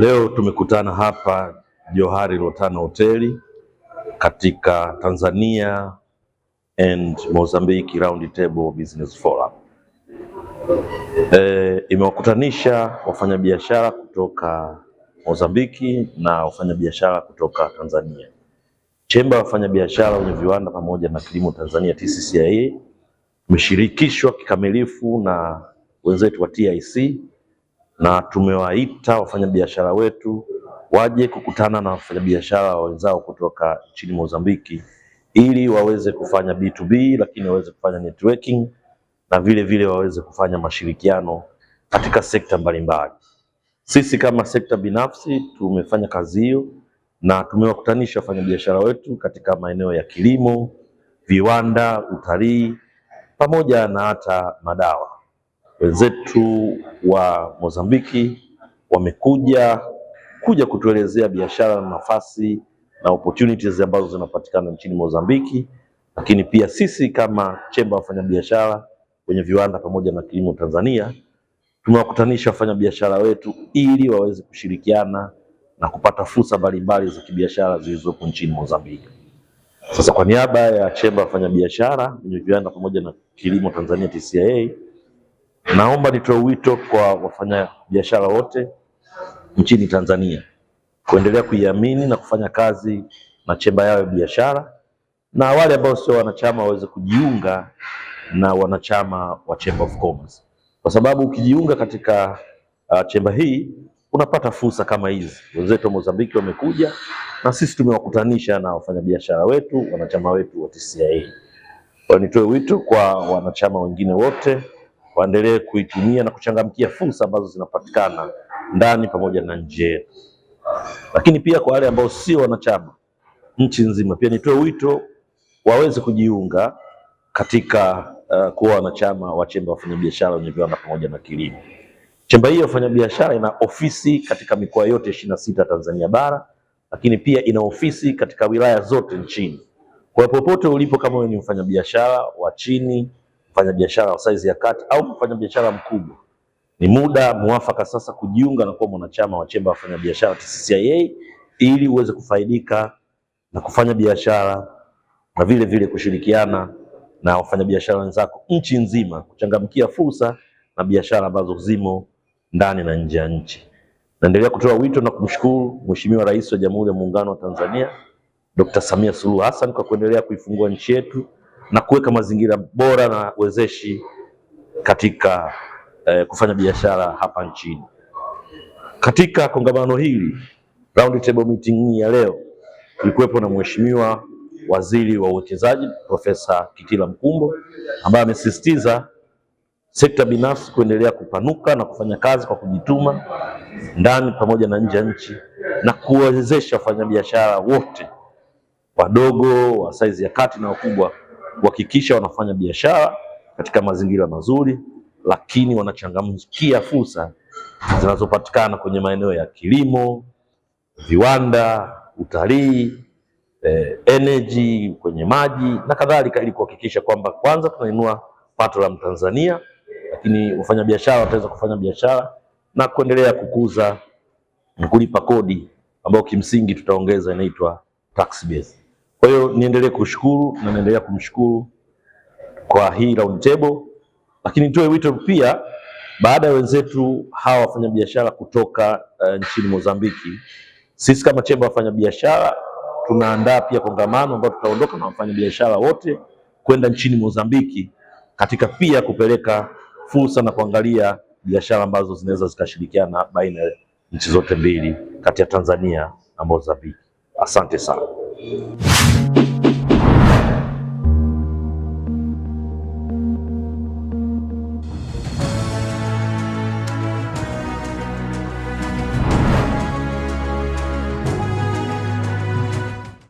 Leo tumekutana hapa Johari Rotana hoteli katika Tanzania and Mozambique Round Table Business Forum. E, imewakutanisha wafanyabiashara kutoka Mozambiki na wafanyabiashara kutoka Tanzania. Chemba ya wafanyabiashara wenye viwanda pamoja na kilimo Tanzania TCCIA imeshirikishwa kikamilifu na wenzetu wa TIC na tumewaita wafanyabiashara wetu waje kukutana na wafanyabiashara wenzao kutoka nchini Mozambiki ili waweze kufanya B2B, lakini waweze kufanya networking na vile vile waweze kufanya mashirikiano katika sekta mbalimbali. Sisi kama sekta binafsi tumefanya kazi hiyo na tumewakutanisha wafanyabiashara wetu katika maeneo ya kilimo, viwanda, utalii pamoja na hata madawa. Wenzetu wa Mozambiki wamekuja kuja kutuelezea biashara na nafasi na opportunities ambazo zinapatikana nchini Mozambiki, lakini pia sisi kama chemba wafanyabiashara kwenye viwanda pamoja na kilimo Tanzania tumewakutanisha wafanyabiashara wetu ili waweze kushirikiana na kupata fursa mbalimbali za kibiashara zilizopo nchini Mozambiki. Sasa kwa niaba ya chemba wafanyabiashara kwenye viwanda pamoja na kilimo Tanzania TCIA Naomba nitoe wito kwa wafanyabiashara wote nchini Tanzania kuendelea kuiamini na kufanya kazi na chemba yao ya biashara, na wale ambao sio wanachama waweze kujiunga na wanachama wa Chamber of Commerce, kwa sababu ukijiunga katika uh, chemba hii unapata fursa kama hizi. Wenzetu wa Mozambiki wamekuja na sisi tumewakutanisha na wafanyabiashara wetu, wanachama wetu wa TCCIA. Nitoe wito kwa wanachama wengine wote waendelee kuitumia na kuchangamkia fursa ambazo zinapatikana ndani pamoja na nje yetu. Lakini pia kwa wale ambao sio wanachama nchi nzima, pia nitoe wito waweze kujiunga katika uh, kuwa wanachama wa chemba wafanyabiashara wenye viwanda pamoja na kilimo. Chemba hii ya wafanyabiashara ina ofisi katika mikoa yote ishirini na sita Tanzania bara, lakini pia ina ofisi katika wilaya zote nchini. Kwa popote ulipo, kama wewe ni mfanyabiashara wa chini mfanya biashara wa saizi ya kati au mfanya biashara mkubwa, ni muda mwafaka sasa kujiunga na kuwa mwanachama wa chemba wafanya biashara TCCIA ili uweze kufaidika na kufanya biashara na vile vile kushirikiana na wafanyabiashara wenzako nchi nzima kuchangamkia fursa na biashara ambazo zimo ndani na nje ya nchi. Naendelea kutoa wito na kumshukuru Mheshimiwa Rais wa Jamhuri ya Muungano wa Tanzania Dr. Samia Suluhu Hassan kwa kuendelea kuifungua nchi yetu na kuweka mazingira bora na wezeshi katika eh, kufanya biashara hapa nchini. Katika kongamano hili round table meeting hii ya leo ilikuwepo na mheshimiwa waziri wa uwekezaji Profesa Kitila Mkumbo ambaye amesisitiza sekta binafsi kuendelea kupanuka na kufanya kazi kwa kujituma ndani pamoja na nje ya nchi na kuwezesha wafanyabiashara wote wadogo wa saizi ya kati na wakubwa kuhakikisha wanafanya biashara katika mazingira mazuri, lakini wanachangamkia fursa zinazopatikana kwenye maeneo ya kilimo, viwanda, utalii, eh, energy, kwenye maji na kadhalika, ili kuhakikisha kwamba kwanza tunainua pato la Mtanzania, lakini wafanyabiashara wataweza kufanya biashara na kuendelea kukuza kulipa kodi ambayo kimsingi tutaongeza inaitwa tax base. Kwa hiyo niendelee kushukuru na naendelea kumshukuru kwa hii round table, lakini nitoe wito pia baada ya wenzetu hawa wafanyabiashara kutoka uh, nchini Mozambiki, sisi kama chemba wafanyabiashara tunaandaa pia kongamano ambayo tutaondoka na wafanyabiashara wote kwenda nchini Mozambiki katika pia kupeleka fursa na kuangalia biashara ambazo zinaweza zikashirikiana baina ya nchi zote mbili kati ya Tanzania na Mozambiki. Asante sana. Thank you.